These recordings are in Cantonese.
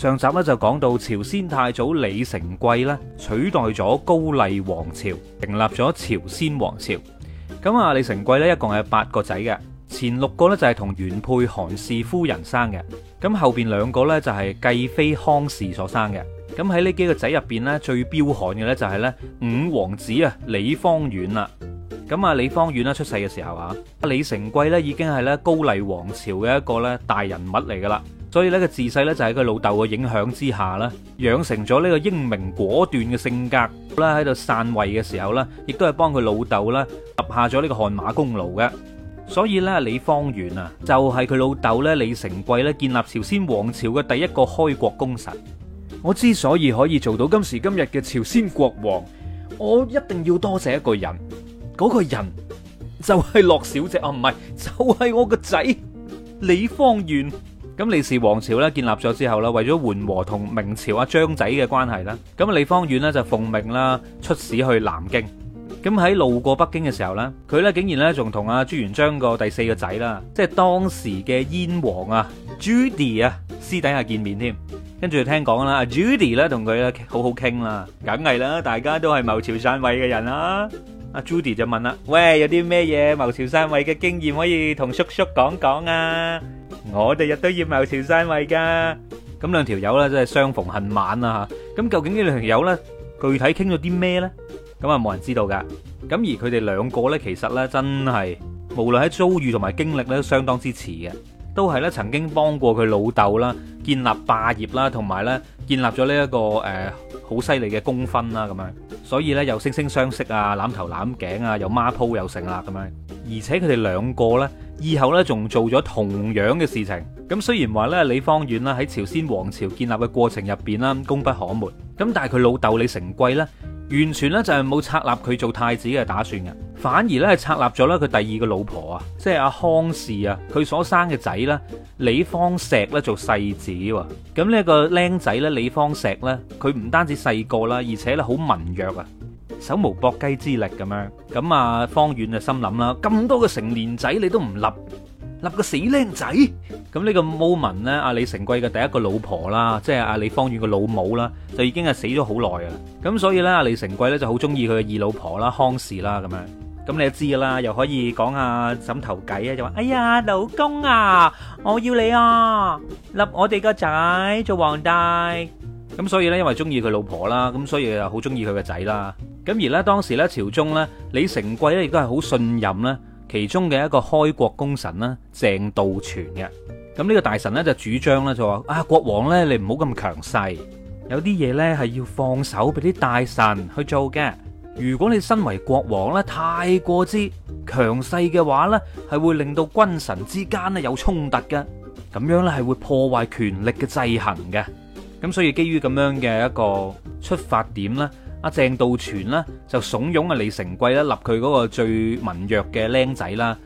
上集咧就講到朝鮮太祖李成桂咧取代咗高麗王朝，成立咗朝鮮王朝。咁啊，李成桂咧一共係八個仔嘅，前六個呢就係同原配韓氏夫人生嘅，咁後邊兩個呢就係繼妃康氏所生嘅。咁喺呢幾個仔入邊呢，最彪悍嘅咧，就係呢五王子啊李芳遠啦。咁啊李芳遠咧出世嘅時候啊，李成桂呢已經係咧高麗王朝嘅一個咧大人物嚟噶啦。所以咧，佢自細咧就喺佢老豆嘅影響之下啦，養成咗呢個英明果斷嘅性格啦。喺度散位嘅時候咧，亦都係幫佢老豆啦立下咗呢個汗馬功勞嘅。所以咧，李芳遠啊，就係佢老豆咧，李成桂咧，建立朝鮮王朝嘅第一個開國功臣。我之所以可以做到今時今日嘅朝鮮國王，我一定要多謝一個人，嗰、那個人就係駱小姐啊，唔係就係、是、我個仔李芳遠。咁李氏王朝咧，建立咗之後啦，為咗緩和同明朝阿張仔嘅關係啦，咁李芳遠咧就奉命啦出使去南京。咁喺路過北京嘅時候咧，佢咧竟然咧仲同阿朱元璋個第四個仔啦，即係當時嘅燕王啊朱棣啊私底下見面添。跟住聽講啦，阿朱棣咧同佢咧好好傾啦，梗係啦，大家都係謀朝篡位嘅人啦。阿朱棣就問啦：喂，有啲咩嘢謀朝篡位嘅經驗可以同叔叔講講啊？我哋日都要謀朝篡位噶，咁兩條友呢，真係相逢恨晚啦吓，咁究竟呢兩條友呢，具體傾咗啲咩呢？咁啊冇人知道噶，咁而佢哋兩個呢，其實呢，真係無論喺遭遇同埋經歷呢，都相當之似嘅。都係咧，曾經幫過佢老豆啦，建立霸業啦，同埋咧建立咗呢一個誒好犀利嘅功勛啦，咁樣。所以咧，又惺惺相惜啊，攬頭攬頸啊，又孖鋪又成啦，咁樣。而且佢哋兩個咧，以後咧仲做咗同樣嘅事情。咁雖然話咧，李芳遠啦喺朝鮮皇朝建立嘅過程入邊啦，功不可沒。咁但係佢老豆李成桂咧，完全咧就係冇策立佢做太子嘅打算嘅。反而咧係策立咗咧佢第二個老婆啊，即係阿康氏啊，佢所生嘅仔咧李方石咧做世子喎。咁呢個僆仔咧李方石咧，佢唔單止細個啦，而且咧好文弱啊，手無縛雞之力咁樣。咁啊方遠就心諗啦，咁多個成年仔你都唔立，立個死僆仔。咁呢個 moment 咧，阿李成桂嘅第一個老婆啦，即係阿李方遠嘅老母啦，就已經係死咗好耐啊。咁所以咧阿李成桂咧就好中意佢嘅二老婆啦，康氏啦，咁樣。咁你就知噶啦，又可以講下枕頭計啊，就話：哎呀，老公啊，我要你啊，立我哋個仔做皇帝。咁所以呢，因為中意佢老婆啦，咁所以就好中意佢個仔啦。咁而呢，當時呢，朝中呢，李成桂呢，亦都係好信任呢其中嘅一個開國功臣啦，鄭道全嘅。咁呢個大臣呢，就主張呢，就話：啊，國王呢，你唔好咁強勢，有啲嘢呢，係要放手俾啲大臣去做嘅。如果你身為國王咧，太過之強勢嘅話呢，係會令到君臣之間咧有衝突嘅，咁樣呢係會破壞權力嘅制衡嘅。咁所以基於咁樣嘅一個出發點呢，阿鄭道傳呢就慫恿阿李成桂咧立佢嗰個最文弱嘅僆仔啦，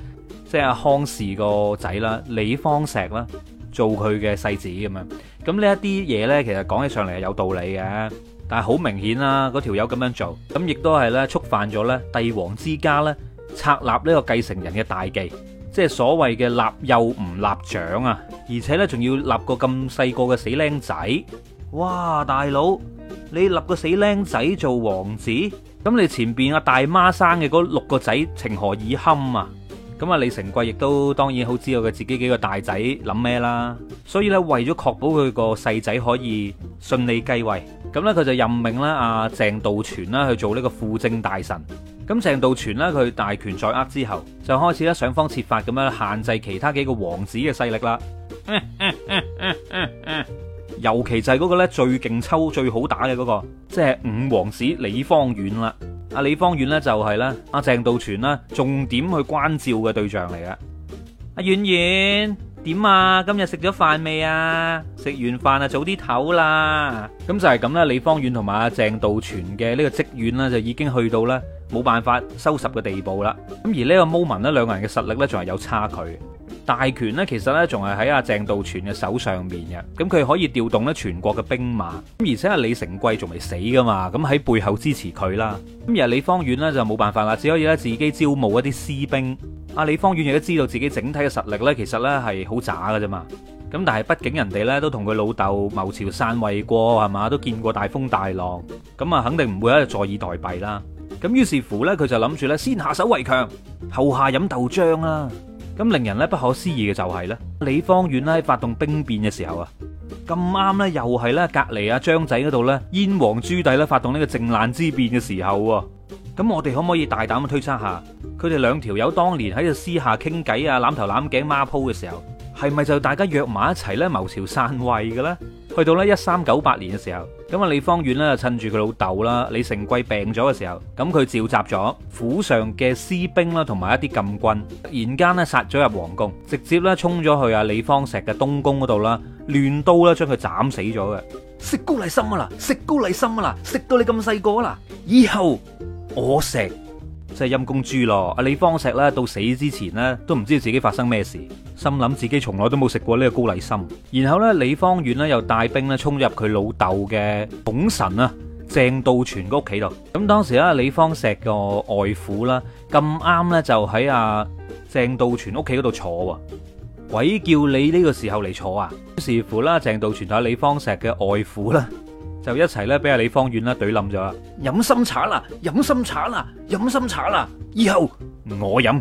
即係阿康氏個仔啦，李芳碩啦，做佢嘅世子咁樣。咁呢一啲嘢呢，其實講起上嚟係有道理嘅。但係好明顯啦，嗰條友咁樣做，咁亦都係咧觸犯咗咧帝王之家咧策立呢個繼承人嘅大忌，即係所謂嘅立幼唔立長啊！而且咧仲要立個咁細個嘅死僆仔，哇！大佬，你立個死僆仔做王子，咁你前邊阿大媽生嘅嗰六個仔，情何以堪啊！咁啊，李成桂亦都當然好知道佢自己幾個大仔諗咩啦，所以咧為咗確保佢個細仔可以順利繼位，咁咧佢就任命咧阿鄭道全啦去做呢個輔政大臣。咁鄭道全呢，佢大權在握之後，就開始咧想方設法咁樣限制其他幾個王子嘅勢力啦。 尤其就係嗰個咧最勁抽最好打嘅嗰、那個，即、就、係、是、五王子李芳遠啦。阿李芳遠呢就係啦，阿鄭道傳啦，重點去關照嘅對象嚟嘅。阿遠遠點啊？今日食咗飯未啊？食完飯啊，早啲唞啦。咁就係咁啦。李芳遠同埋阿鄭道傳嘅呢個職員呢，就已經去到咧冇辦法收拾嘅地步啦。咁而呢個 moment 呢，兩個人嘅實力呢，仲係有差距。大權咧，其實咧仲係喺阿鄭道傳嘅手上面嘅，咁佢可以調動咧全國嘅兵馬，咁而且阿李成桂仲未死噶嘛，咁喺背後支持佢啦。咁而阿李芳遠呢就冇辦法啦，只可以咧自己招募一啲私兵。阿李芳遠亦都知道自己整體嘅實力咧，其實咧係好渣嘅啫嘛。咁但係畢竟人哋咧都同佢老豆謀朝散位過，係嘛，都見過大風大浪，咁啊肯定唔會喺度坐以待斃啦。咁於是乎咧，佢就諗住咧先下手為強，後下飲豆漿啦。咁令人咧不可思議嘅就係咧，李芳遠咧喺發動兵變嘅時候啊，咁啱咧又係咧隔籬啊張仔嗰度咧，燕王朱棣咧發動呢個靖難之變嘅時候，咁我哋可唔可以大膽咁推測下，佢哋兩條友當年喺度私下傾偈啊攬頭攬頸孖鋪嘅時候，係咪就大家約埋一齊咧謀朝篡位嘅咧？去到咧一三九八年嘅時候，咁啊李芳遠咧就趁住佢老豆啦李成桂病咗嘅時候，咁佢召集咗府上嘅私兵啦，同埋一啲禁軍，突然間呢殺咗入皇宮，直接咧衝咗去啊李芳石嘅東宮嗰度啦，亂刀咧將佢斬死咗嘅。食高麗參啊啦，食高麗參啊啦，食到你咁細個啊啦，以後我食。即係陰公豬咯，阿李方石咧到死之前咧都唔知道自己發生咩事，心諗自己從來都冇食過呢個高麗參。然後呢，李方遠咧又帶兵咧衝入佢老豆嘅重臣啊鄭道全個屋企度。咁當時咧李方石個外父啦咁啱呢就喺啊鄭道全屋企嗰度坐喎，鬼叫你呢個時候嚟坐啊！於是乎啦，鄭道全同係李方石嘅外父啦。就一齊咧，俾阿李芳遠啦懟冧咗啦！飲心茶啦，飲心茶啦，飲心茶啦！以後我飲。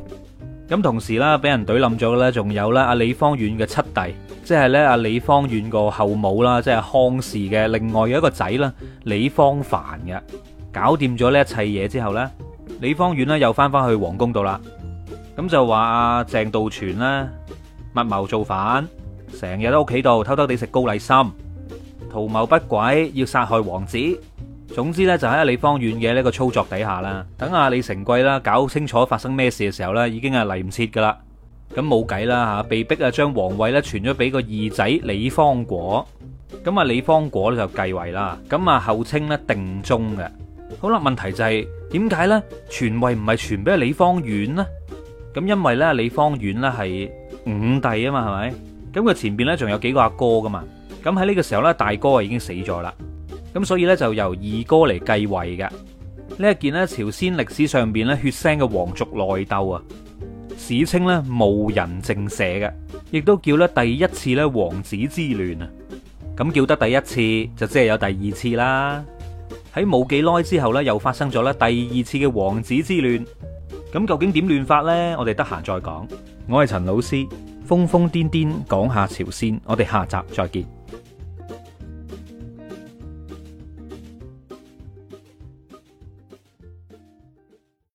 咁同時啦，俾人懟冧咗嘅咧，仲有咧阿李芳遠嘅七弟，即係咧阿李芳遠個後母啦，即係康氏嘅另外嘅一個仔啦，李芳凡嘅。搞掂咗呢一切嘢之後咧，李芳遠呢又翻翻去皇宮度啦。咁就話阿鄭道傳啦密謀造反，成日喺屋企度偷偷地食高麗參。圖謀不軌，要殺害王子。總之咧，就喺李芳遠嘅呢個操作底下啦。等阿李成桂啦，搞清楚發生咩事嘅時候咧，已經係嚟唔切噶啦。咁冇計啦吓，被逼啊，將皇位咧傳咗俾個二仔李芳果。咁啊，李芳果咧就繼位啦。咁啊，後稱咧定宗嘅。好啦，問題就係點解咧？傳位唔係傳俾阿李芳遠呢？咁因為咧，李芳遠咧係五弟啊嘛，係咪？咁佢前邊咧仲有幾個阿哥噶嘛？咁喺呢個時候咧，大哥啊已經死咗啦，咁所以呢，就由二哥嚟繼位嘅。呢一件呢，朝鮮歷史上邊咧血腥嘅皇族內鬥啊，史稱呢「無人正社」嘅，亦都叫咧第一次咧王子之亂啊。咁叫得第一次就即係有第二次啦。喺冇幾耐之後呢，又發生咗呢第二次嘅王子之亂。咁究竟點亂法呢？我哋得閒再講。我係陳老師，瘋瘋癲癲講下朝鮮，我哋下集再見。